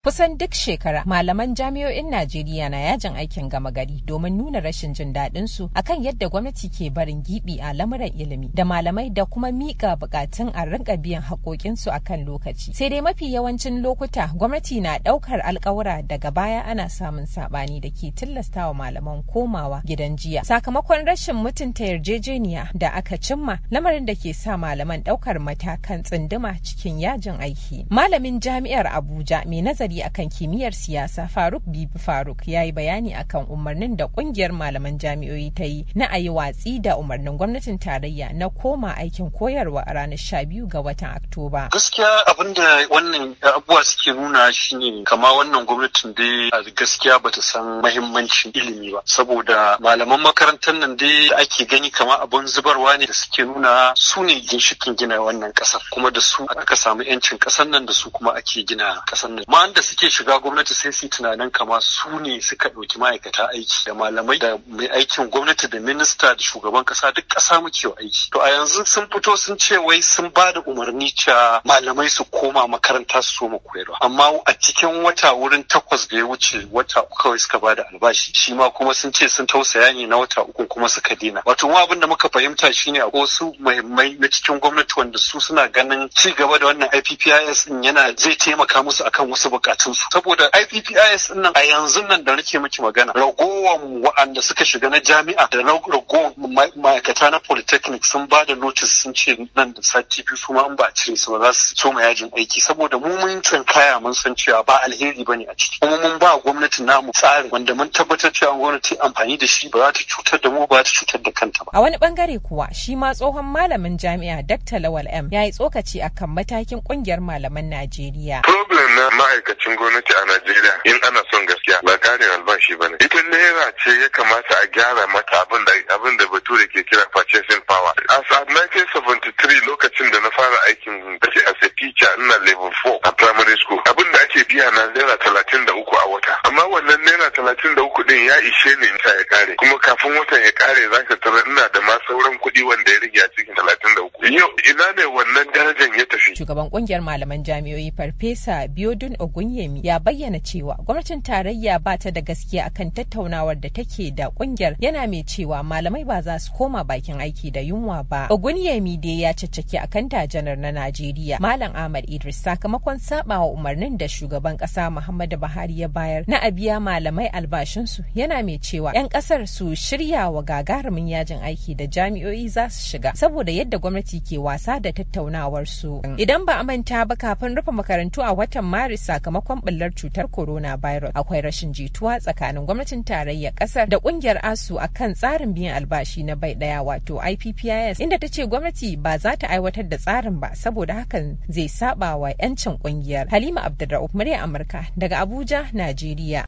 Kusan duk shekara malaman jami'o'in Najeriya na yajin aikin gama gari domin nuna rashin jin daɗin su akan yadda gwamnati ke barin gibi a lamuran ilimi da malamai da kuma miƙa buƙatun a rinka biyan haƙoƙin su akan lokaci. Sai dai mafi yawancin lokuta gwamnati na ɗaukar alƙawura daga baya ana samun saɓani da ke tilastawa malaman komawa gidan jiya. Sakamakon rashin mutunta yarjejeniya da aka cimma lamarin da ke sa malaman ɗaukar matakan tsunduma cikin yajin aiki. Malamin jami'ar Abuja mai nazari nazari akan kimiyyar siyasa faruk bibi faruk ya yi bayani akan umarnin da kungiyar malaman jami'oyi ta yi na a yi watsi da umarnin gwamnatin tarayya na koma aikin koyarwa a ranar sha biyu ga watan oktoba gaskiya abinda wannan abubuwa suke nuna shine kama wannan gwamnatin dai gaskiya bata san mahimmancin ilimi ba saboda malaman makarantar nan dai ake gani kama abun zubarwa ne da suke nuna su ne ginshikin gina wannan kasar kuma da su aka samu yancin kasar nan da su kuma ake gina kasar nan da suke shiga gwamnati sai su tunanin kama su ne suka ɗauki ma'aikata aiki da malamai da mai aikin gwamnati da minista da shugaban ƙasa duk ƙasa muke wa aiki. To a yanzu sun fito sun ce wai sun ba da umarni cewa malamai su koma makaranta su soma koyarwa. Amma a cikin wata wurin takwas da ya wuce wata uku kawai suka ba da albashi shi ma kuma sun ce sun tausaya ne na wata uku kuma suka dina. Wato mu abin da muka fahimta shine akwai wasu muhimmai na cikin gwamnati wanda su suna ganin ci gaba da wannan IPPIS yana zai taimaka musu akan wasu buƙatu. su saboda IPPIS nan a yanzu nan da nake miki magana ragowar waɗanda suka shiga na jami'a da ragowar ma'aikata na polytechnic sun ba da notice sun ce nan da sati biyu su ma an ba a cire su ba za su soma yajin aiki saboda mu mun kaya mun san cewa ba alheri bane a ciki kuma mun ba gwamnatin namu tsari wanda mun tabbatar cewa gwamnati amfani da shi ba za ta cutar da mu ba za ta cutar da kanta ba a wani bangare kuwa shi ma tsohon malamin jami'a Dr. Lawal M ya yi tsokaci akan matakin kungiyar malaman Najeriya problem na ma'aikata ma'aikacin gwamnati a Najeriya in ana son gaskiya ba ƙarin albashi ba ne. Ita naira ce ya kamata a gyara mata abin da abin da Bature ke kira purchasing power. As of 1973 lokacin da na fara aikin gashi as a teacher ina level 4 a primary school. Abin da ake biya na naira talatin da uku a wata. Amma wannan naira talatin da uku din ya ishe ne ta ya kare. Kuma kafin watan ya kare za ka tara ina da ma sauran kuɗi wanda ya rage a cikin talatin da uku. Yau ina ne wannan darajar ya tafi. Shugaban ƙungiyar malaman jami'o'i Farfesa Biodun Ogunyemi ya bayyana cewa gwamnatin tarayya ba ta da gaskiya akan tattaunawar da take da ƙungiyar, yana mai cewa malamai ba za su koma bakin aiki da yunwa ba. Ogunyemi dai ya caccaki akan tajanar na Najeriya. Malam Ahmad Idris sakamakon sabawa umarnin da shugaban ƙasa Muhammadu Buhari ya bayar na abiya malamai albashinsu yana mai cewa 'yan ƙasar su shirya wa gagarumin yajin aiki da jami'oyi matsaloli za su shiga saboda yadda gwamnati ke wasa da tattaunawar su. Idan ba a manta ba kafin rufe makarantu a watan Maris sakamakon ɓullar cutar corona coronavirus akwai rashin jituwa tsakanin gwamnatin tarayya ƙasar da ƙungiyar ASU akan tsarin biyan albashi na bai ɗaya wato IPPIS inda ta ce gwamnati ba za ta aiwatar da tsarin ba saboda hakan zai saba wa 'yancin ƙungiyar. Halima Abdulra'uf murya Amurka daga Abuja, Najeriya.